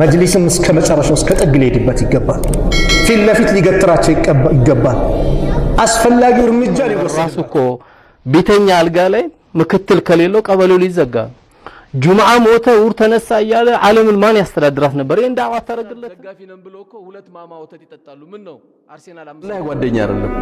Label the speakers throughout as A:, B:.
A: መጅሊስም እስከ መጨረሻው እስከ ጥግ ሊሄድበት ይገባል። ፊት ለፊት ሊገትራቸው ይገባል። አስፈላጊው እርምጃ ሊወስድ
B: ራሱ እኮ ቤተኛ አልጋ ላይ ምክትል ከሌለው ቀበሌው ሊዘጋ ጁምዓ ሞተ ውር ተነሳ እያለ ዓለምን ማን ያስተዳድራት ነበር? ይሄን ዳዋ ታረግለት ደጋፊ ነን ብሎ እኮ ሁለት ማማ ወተት
A: ይጠጣሉ። ምን ነው አርሴናል አምስት ላይ ጓደኛ አይደለም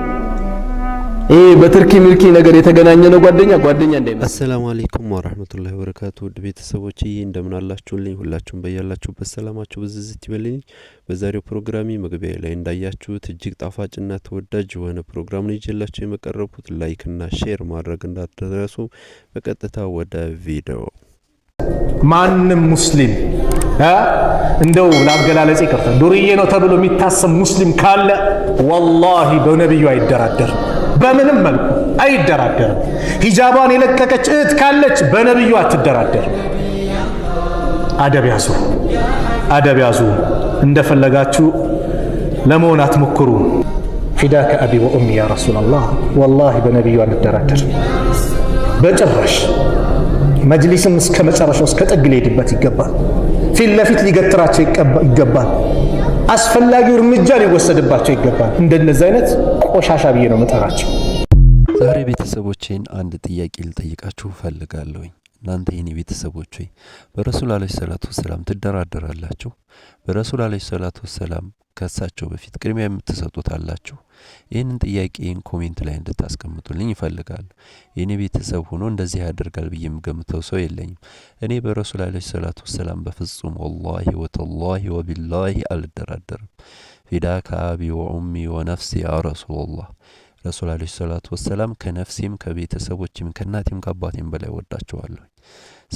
A: ይህ በትርኪ ሚልኪ ነገር የተገናኘ ነው። ጓደኛ ጓደኛ እንዳይመስል።
C: አሰላሙ አለይኩም ወራህመቱላሂ ወበረካቱ ውድ ቤተሰቦች እንደምን አላችሁልኝ? ሁላችሁም በያላችሁበት ሰላማችሁ ብዝዝት ይበልኝ። በዛሬው ፕሮግራሚ መግቢያ ላይ እንዳያችሁት እጅግ ጣፋጭና ተወዳጅ የሆነ ፕሮግራም ነው ይዤላችሁ የመቀረብኩት። ላይክና ሼር ማድረግ እንዳትረሱ። በቀጥታ ወደ ቪዲዮ
A: ማንም ሙስሊም እንደው ለአገላለጽ ይቅርታ ዱርዬ ነው ተብሎ የሚታሰብ ሙስሊም ካለ ወላሂ በነቢዩ አይደራደርም። በምንም መልኩ አይደራደርም። ሂጃቧን የለቀቀች እህት ካለች በነቢዩ አትደራደርም። አደብ ያዙ፣ አደብ ያዙ። እንደፈለጋችሁ ለመሆን አትሞክሩ። ፊዳከ አቢ ወኡሚ ያ ረሱላላህ፣ ወላሂ በነቢዩ አንደራደር በጭራሽ። መጅሊስም እስከ መጨረሻው እስከ ጥግ ሊሄድበት ይገባል። ፊት ለፊት ሊገትራቸው ይገባል። አስፈላጊው እርምጃ ሊወሰድባቸው ይገባል። እንደነዚህ አይነት ቆሻሻ ብዬ ነው መጠራቸው።
C: ዛሬ ቤተሰቦቼን አንድ ጥያቄ ልጠይቃችሁ ፈልጋለሁ እናንተ የኔ ቤተሰቦች ሆይ በረሱል አለይሂ ሰላቱ ወሰላም ትደራደራላችሁ? በረሱል አለይሂ ሰላቱ ወሰላም ከእሳቸው በፊት ቅድሚያ የምትሰጡት አላችሁ? ይህንን ጥያቄን ኮሜንት ላይ እንድታስቀምጡልኝ ይፈልጋሉ። የእኔ ቤተሰብ ሆኖ እንደዚህ ያደርጋል ብዬ የምገምተው ሰው የለኝም። እኔ በረሱል አለይሂ ሰላቱ ወሰላም በፍጹም ወላሂ ወተላሂ ወቢላሂ አልደራደርም። ፊዳከ አቢ ወኡሚ ወነፍሲ ያ ረሱል አለ ሰላቱ ወሰላም ከነፍሴም ከቤተሰቦችም ከእናቴም ከአባቴም በላይ ወዳቸዋለሁ።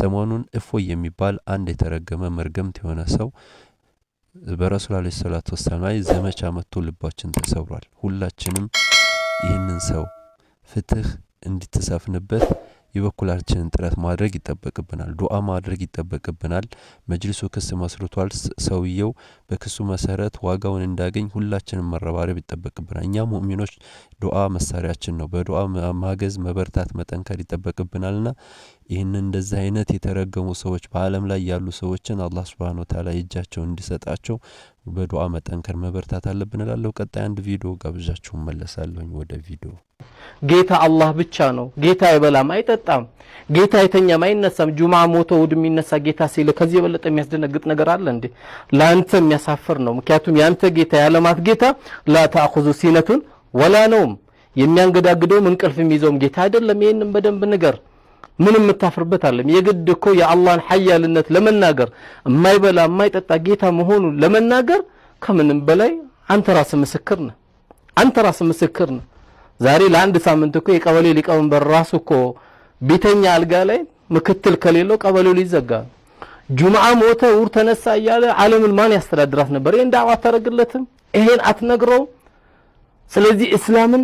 C: ሰሞኑን እፎይ የሚባል አንድ የተረገመ መርገምት የሆነ ሰው በረሱል አለ ሰላቱ ወሰላም ላይ ዘመቻ መጥቶ ልባችን ተሰብሯል። ሁላችንም ይህንን ሰው ፍትህ እንድትሰፍንበት የበኩላችንን ጥረት ማድረግ ይጠበቅብናል ዱዓ ማድረግ ይጠበቅብናል። መጅልሱ ክስ መስርቷል ሰውየው በክሱ መሰረት ዋጋውን እንዳገኝ ሁላችንም መረባረብ ይጠበቅብናል እኛ ሙእሚኖች ዱዓ መሳሪያችን ነው በዱዓ ማገዝ መበርታት መጠንከር ይጠበቅብናልና። ይህን እንደዚህ አይነት የተረገሙ ሰዎች በአለም ላይ ያሉ ሰዎችን አላህ ሱብሃነሁ ወተዓላ የእጃቸውን እንዲሰጣቸው በዱዓ መጠንከር መበርታት አለብን እላለሁ። ቀጣይ አንድ ቪዲዮ ጋብዣችሁ መለሳለሁኝ። ወደ ቪዲዮ
B: ጌታ አላህ ብቻ ነው። ጌታ አይበላም አይጠጣም። ጌታ አይተኛም አይነሳም። ጁማ ሞቶ እሑድ የሚነሳ ጌታ ሲል ከዚህ የበለጠ የሚያስደነግጥ ነገር አለ እንዴ? ለአንተ የሚያሳፍር ነው። ምክንያቱም የአንተ ጌታ የዓለማት ጌታ ላ ተአኹዙ ሲነቱን ወላ ነውም የሚያንገዳግደውም እንቅልፍ የሚይዘውም ጌታ አይደለም። ይህንም በደንብ ንገር። ምንም የምታፍርበት አለም የግድ እኮ የአላህን ሀያልነት ለመናገር የማይበላ የማይጠጣ ጌታ መሆኑን ለመናገር ከምንም በላይ አንተ ራስህ ምስክር ነህ። አንተ ራስህ ምስክር ነህ። ዛሬ ለአንድ ሳምንት እኮ የቀበሌ ሊቀመንበር ራሱ እኮ ቤተኛ አልጋ ላይ ምክትል ከሌለው ቀበሌው ሊዘጋ ጁምዓ ሞተ ውር ተነሳ እያለ አለምን ማን ያስተዳድራት ነበር? ይህን ዳዕዋ አታደርግለትም? ይሄን አትነግረውም? ስለዚህ እስላምን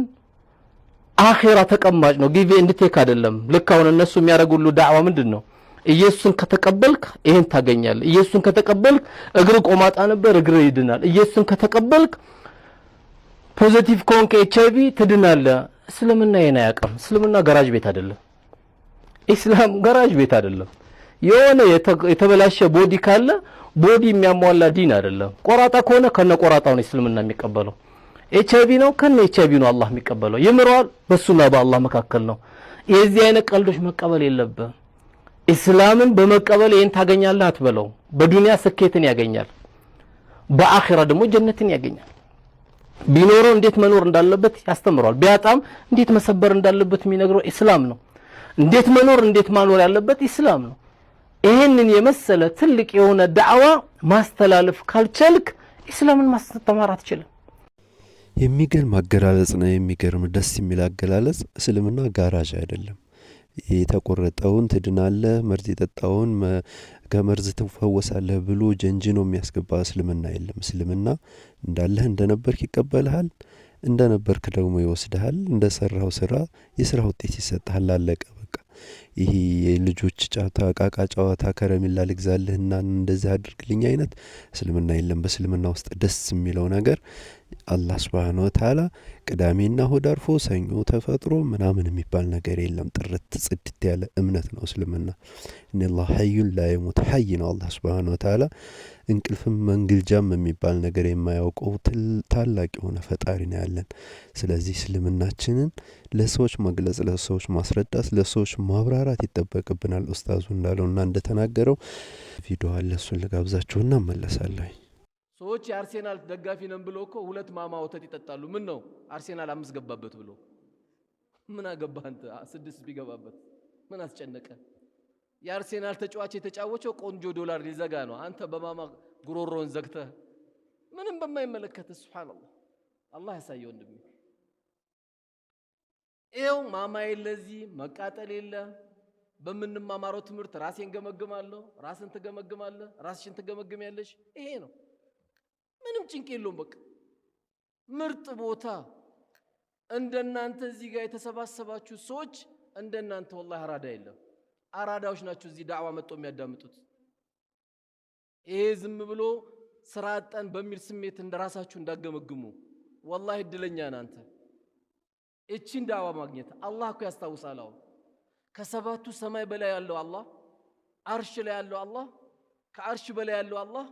B: አኼራ ተቀማጭ ነው። ጊዜ እንድቴክ አይደለም። ልክ አሁን እነሱ የሚያደርጉሉ ዳዕዋ ምንድን ነው? ኢየሱስን ከተቀበልክ ይሄን ታገኛለህ። ኢየሱስን ከተቀበልክ እግር ቆማጣ ነበር፣ እግር ይድናል። ኢየሱስን ከተቀበልክ ፖዘቲቭ ከሆንክ ኤች አይቪ ትድናለህ። እስልምና ይህን አያውቅም። እስልምና ገራጅ ቤት አይደለም። ኢስላም ገራጅ ቤት አይደለም። የሆነ የተበላሸ ቦዲ ካለ ቦዲ የሚያሟላ ዲን አይደለም። ቆራጣ ከሆነ ከነ ቆራጣው ነው እስልምና የሚቀበለው። ኤች አይቪ ነው። ከነ ኤች አይቪ ነው አላህ የሚቀበለው ይምረዋል። በሱና በአላህ መካከል ነው። የዚህ አይነት ቀልዶች መቀበል የለብህም። ኢስላምን በመቀበል ይህን ታገኛለህ አትበለው። በዱንያ ስኬትን ያገኛል፣ በአኺራ ደግሞ ጀነትን ያገኛል። ቢኖረው እንዴት መኖር እንዳለበት ያስተምረዋል። ቢያጣም እንዴት መሰበር እንዳለበት የሚነግረው ኢስላም ነው። እንዴት መኖር እንዴት ማኖር ያለበት ኢስላም ነው። ይህንን የመሰለ ትልቅ የሆነ ዳዕዋ ማስተላለፍ ካልቸልክ ኢስላምን ማስተማር አትችልም።
C: የሚገርም አገላለጽ ነው። የሚገርም ደስ የሚል አገላለጽ እስልምና ጋራዥ አይደለም። የተቆረጠውን ትድናለህ፣ መርዝ የጠጣውን ከመርዝ ትፈወሳለህ ብሎ ጀንጅኖ የሚያስገባ እስልምና የለም። እስልምና እንዳለህ እንደነበርክ ይቀበልሃል፣ እንደነበርክ ደግሞ ይወስድሃል። እንደሰራው ስራ የስራ ውጤት ይሰጥሃል። አለቀ በቃ። ይሄ የልጆች ጫታ ቃቃ ጨዋታ ከረሜላ ልግዛልህና እንደዚህ አድርግልኝ አይነት እስልምና የለም። በእስልምና ውስጥ ደስ የሚለው ነገር አላህ ስብሃነ ወተዓላ ቅዳሜና እሁድ አርፎ ሰኞ ተፈጥሮ ምናምን የሚባል ነገር የለም። ጥርት ጽድት ያለ እምነት ነው እስልምና። ኢነላህ ሀዩን ላየሞት ሀይ ነው አላህ ስብሃነ ወተዓላ እንቅልፍም መንግልጃም የሚባል ነገር የማያውቀው ታላቅ የሆነ ፈጣሪ ነው ያለን። ስለዚህ እስልምናችንን ለሰዎች መግለጽ፣ ለሰዎች ማስረዳት፣ ለሰዎች ማብራራት ማብራራት ይጠበቅብናል ኡስታዙ እና እንደተናገረው ቪዲዮ አለ። እሱን ልጋብዛችሁና እመለሳለሁ።
B: ሰዎች የአርሴናል ደጋፊ ነን ብሎ እኮ ሁለት ማማ ወተት ይጠጣሉ። ምን ነው አርሴናል አምስት ገባበት ብሎ ምን አገባ አንተ ስድስት ቢገባበት ምን አስጨነቀ? የአርሴናል ተጫዋች የተጫወቸው ቆንጆ ዶላር ሊዘጋ ነው። አንተ በማማ ጉሮሮን ዘግተህ ምንም በማይመለከት ሱብሓነላህ፣ አላህ ያሳየ ወንድሜ። ይኸው ማማ የለ እዚህ መቃጠል የለ በምንማማረው ትምህርት ራሴን ገመግማለሁ፣ ራስን ትገመግማለህ፣ ራስሽን ትገመግሚያለሽ። ይሄ ነው። ምንም ጭንቅ የለውም። በቃ ምርጥ ቦታ እንደናንተ እዚህ ጋር የተሰባሰባችሁ ሰዎች እንደናንተ ወላሂ አራዳ የለም። አራዳዎች ናቸው እዚህ ዳዕዋ መጥቶ የሚያዳምጡት። ይሄ ዝም ብሎ ስራ አጠን በሚል ስሜት እንደራሳችሁ እንዳገመግሙ። ወላሂ እድለኛ ናንተ እቺን ዳዕዋ ማግኘት። አላህ እኮ ያስታውሳል አሁን ከሰባቱ ሰማይ በላይ ያለው አላህ፣ አርሽ ላይ ያለው አላህ፣ ከአርሽ በላይ ያለው አላህ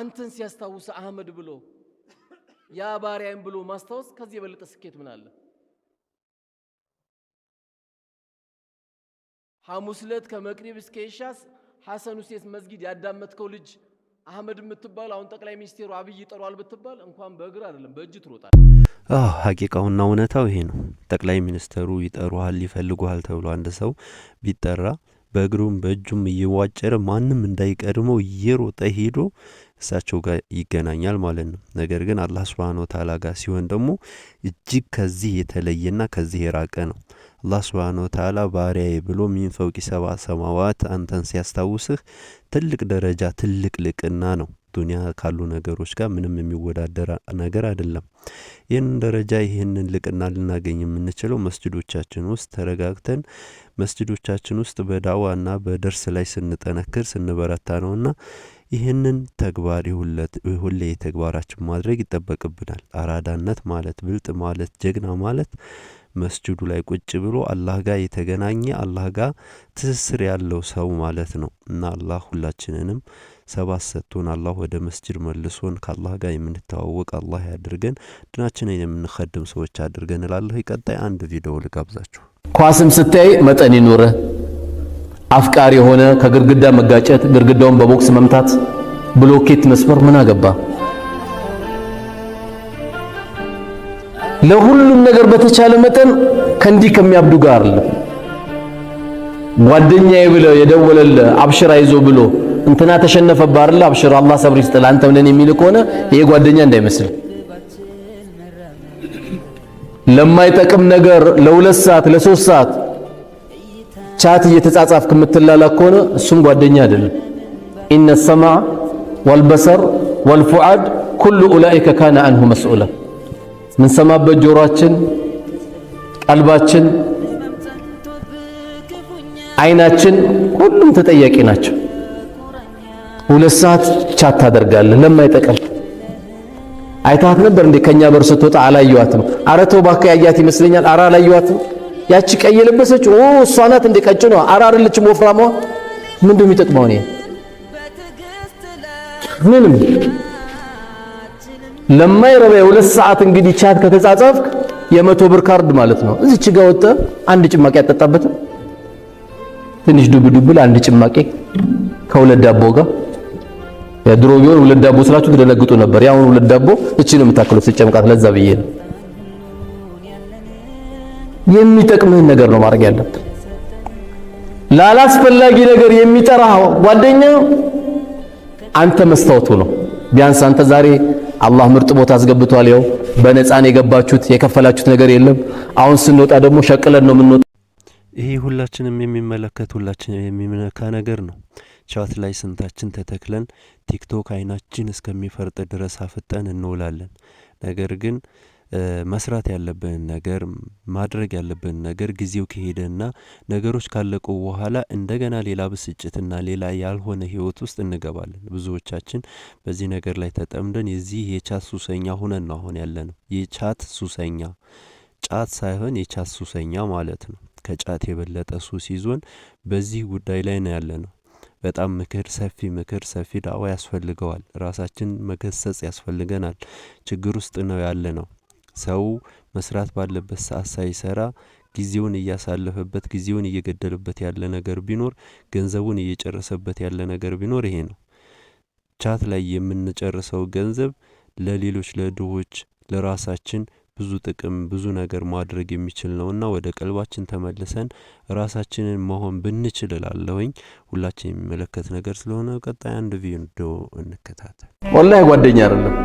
B: አንተን ሲያስታውስ አህመድ ብሎ ያ ባሪያን ብሎ ማስታወስ ከዚህ የበለጠ ስኬት ምን አለ? ሐሙስ ዕለት ከመቅሪብ እስከ ኢሻስ ሐሰን ሁሴን መስጊድ ያዳመጥከው ልጅ አህመድ የምትባል አሁን ጠቅላይ ሚኒስቴሩ አብይ ይጠሯል ብትባል እንኳን በእግር አይደለም በእጅ ትሮጣል።
C: አዎ ሀቂቃውና እውነታው ይሄ ነው። ጠቅላይ ሚኒስተሩ ይጠሩሃል፣ ይፈልጉሃል ተብሎ አንድ ሰው ቢጠራ በእግሩም በእጁም እየዋጨረ ማንም እንዳይቀድመው እየሮጠ ሄዶ እሳቸው ጋር ይገናኛል ማለት ነው። ነገር ግን አላህ ሱብሃነሁ ወተዓላ ጋር ሲሆን ደግሞ እጅግ ከዚህ የተለየና ከዚህ የራቀ ነው። አላህ ስብሓን ወተዓላ ባሪያዬ ብሎ ሚንፈውቂ ሰባ ሰማዋት አንተን ሲያስታውስህ ትልቅ ደረጃ ትልቅ ልቅና ነው። ዱንያ ካሉ ነገሮች ጋር ምንም የሚወዳደር ነገር አይደለም። ይህንን ደረጃ ይህንን ልቅና ልናገኝ የምንችለው መስጅዶቻችን ውስጥ ተረጋግተን መስጅዶቻችን ውስጥ በዳዋና በደርስ ላይ ስንጠነክር ስንበረታ ነውና ይህንን ተግባር ሁሌ ተግባራችን ማድረግ ይጠበቅብናል። አራዳነት ማለት ብልጥ ማለት ጀግና ማለት መስጅዱ ላይ ቁጭ ብሎ አላህ ጋር የተገናኘ አላህ ጋር ትስስር ያለው ሰው ማለት ነው። እና አላህ ሁላችንንም ሰባት ሰጥቶን አላህ ወደ መስጅድ መልሶን ከአላህ ጋር የምንተዋወቅ አላህ ያድርገን፣ ድናችንን የምንከድም ሰዎች አድርገን እላለሁ። ቀጣይ አንድ ቪዲዮ ልጋብዛችሁ።
A: ኳስም ስታይ መጠን ይኑርህ። አፍቃሪ የሆነ ከግድግዳ መጋጨት፣ ግድግዳውን በቦክስ መምታት፣ ብሎኬት መስበር ምን አገባ? ለሁሉም ነገር በተቻለ መጠን ከእንዲህ ከሚያብዱ ጋር አለ ጓደኛዬ ብለ የደወለለ አብሽራ ይዞ ብሎ እንትና ተሸነፈ ባርለ አብሽራ አላህ ሰብር ይስጥል አንተም ነን የሚል ከሆነ ይሄ ጓደኛ እንዳይመስል። ለማይጠቅም ነገር ለሁለት ሰዓት ለሶስት ሰዓት ቻት እየተጻጻፍክ የምትላላ ከሆነ እሱም ጓደኛ አይደለም። ኢነ ሰማዕ ወልበሰር ወልፉዓድ ኩሉ ኡላኢከ ካነ አንሁ መስኡላ የምንሰማበት ጆሮአችን፣ ቀልባችን፣ አይናችን ሁሉም ተጠያቂ ናቸው። ሁለት ሰዓት ቻት ታደርጋለህ ለማይጠቅም አይታት ነበር እንዴ? ከኛ በር ስትወጣ አላየዋትም። ኧረ ተው እባክህ ያያት ይመስለኛል። ኧረ አላየዋትም። ያቺ ቀይ የለበሰች ኦ እሷ ናት እንዴ? ቀጭ ነው። ኧረ አይደለችም ወፍራሟ። ምንድነው የሚጠቅመው? ምንም ለማይረባ የሁለት ሰዓት እንግዲህ ቻት ከተጻጻፍክ የመቶ ብር ካርድ ማለት ነው። እዚች ጋ ወጠ አንድ ጭማቂ አጠጣበትም ትንሽ ዱብ ዱብ አንድ ጭማቂ ከሁለት ዳቦ ጋር የድሮ ቢሆን ሁለት ዳቦ ስላችሁ ትደነግጡ ነበር። ያሁን ሁለት ዳቦ እቺ ነው የምታክሉት ስጨምቃት ለዛ ብዬ ነው የሚጠቅምህን ነገር ነው ማድረግ ያለብህ። ላላስፈላጊ ነገር የሚጠራ ጓደኛ አንተ መስታወቱ ነው። ቢያንስ አንተ ዛሬ አላህ ምርጥ ቦታ አስገብቷል። ያው በነፃን የገባችሁት የከፈላችሁት ነገር የለም። አሁን ስንወጣ ደግሞ ሸቅለን ነው የምንወጣ።
C: ይሄ ሁላችንም የሚመለከት ሁላችንም የሚነካ ነገር ነው። ቻት ላይ ስንታችን ተተክለን ቲክቶክ አይናችን እስከሚፈርጥ ድረስ አፍጠን እንውላለን። ነገር ግን መስራት ያለብን ነገር ማድረግ ያለብን ነገር ጊዜው ከሄደና ነገሮች ካለቁ በኋላ እንደገና ሌላ ብስጭትና ሌላ ያልሆነ ህይወት ውስጥ እንገባለን። ብዙዎቻችን በዚህ ነገር ላይ ተጠምደን የዚህ የቻት ሱሰኛ ሁነን ነው አሁን ነው። የቻት ሱሰኛ ጫት ሳይሆን የቻት ሱሰኛ ማለት ነው። ከጫት የበለጠ ሱስ ይዞን በዚህ ጉዳይ ላይ ነው ነው። በጣም ምክር ሰፊ ምክር ሰፊ ዳዋ ያስፈልገዋል ራሳችንን መገሰጽ ያስፈልገናል። ችግር ውስጥ ነው ያለነው ሰው መስራት ባለበት ሰዓት ሳይሰራ ጊዜውን እያሳለፈበት ጊዜውን እየገደለበት ያለ ነገር ቢኖር ገንዘቡን እየጨረሰበት ያለ ነገር ቢኖር ይሄ ነው። ቻት ላይ የምንጨርሰው ገንዘብ ለሌሎች ለድሆች ለራሳችን ብዙ ጥቅም ብዙ ነገር ማድረግ የሚችል እና ወደ ቀልባችን ተመልሰን ራሳችንን መሆን ብንችል እላለሁኝ። ሁላችን የሚመለከት ነገር ስለሆነ ቀጣይ አንድ ቪዲዮ
A: እንከታተል። ወላሂ ጓደኛ አይደለም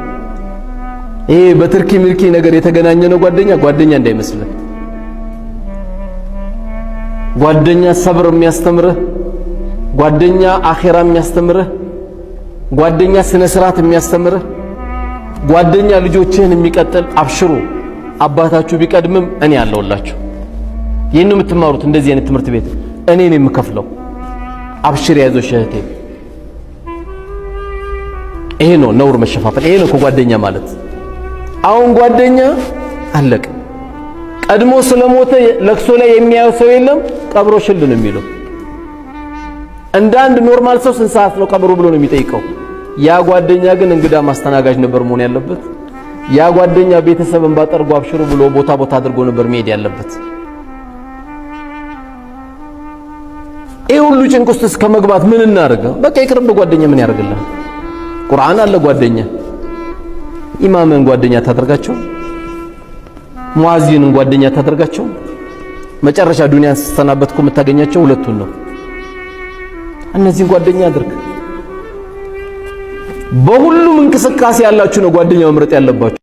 A: ይሄ በትርኪ ምልኪ ነገር የተገናኘ ነው። ጓደኛ ጓደኛ እንዳይመስልህ። ጓደኛ ሰብር የሚያስተምርህ ጓደኛ አኼራ የሚያስተምርህ ጓደኛ ስነ ስርዓት የሚያስተምርህ ጓደኛ ልጆችህን የሚቀጥል አብሽሩ፣ አባታችሁ ቢቀድምም እኔ አለሁላችሁ። ይህን የምትማሩት እንደዚህ አይነት ትምህርት ቤት እኔ ነው የምከፍለው። አብሽር ያይዞሽ እህቴ። ይሄ ነው ነውር መሸፋፈል። ይሄ ነው ከጓደኛ ማለት አሁን ጓደኛ አለቀ። ቀድሞ ስለሞተ ለቅሶ ላይ የሚያየው ሰው የለም። ቀብሮ ሽል ነው የሚለው። እንደ አንድ ኖርማል ሰው ስንት ሰዓት ነው ቀብሮ ብሎ ነው የሚጠይቀው። ያ ጓደኛ ግን እንግዳ ማስተናጋጅ ነበር መሆን ያለበት። ያ ጓደኛ ቤተሰብን ባጠርጎ አብሽሩ ብሎ ቦታ ቦታ አድርጎ ነበር መሄድ ያለበት። ይህ ሁሉ ጭንቅ ውስጥ እስከ መግባት ምን እናደርገው? በቃ የቅርብ ጓደኛ ምን ያደርግልናል? ቁርአን አለ ጓደኛ ኢማምን ጓደኛ ታደርጋቸው፣ ሙአዚንን ጓደኛ ታደርጋቸው። መጨረሻ ዱንያን ስትሰናበትኩ የምታገኛቸው ሁለቱን ነው። እነዚህን ጓደኛ አድርግ። በሁሉም እንቅስቃሴ ያላችሁ ነው ጓደኛ መምረጥ ያለባችሁ።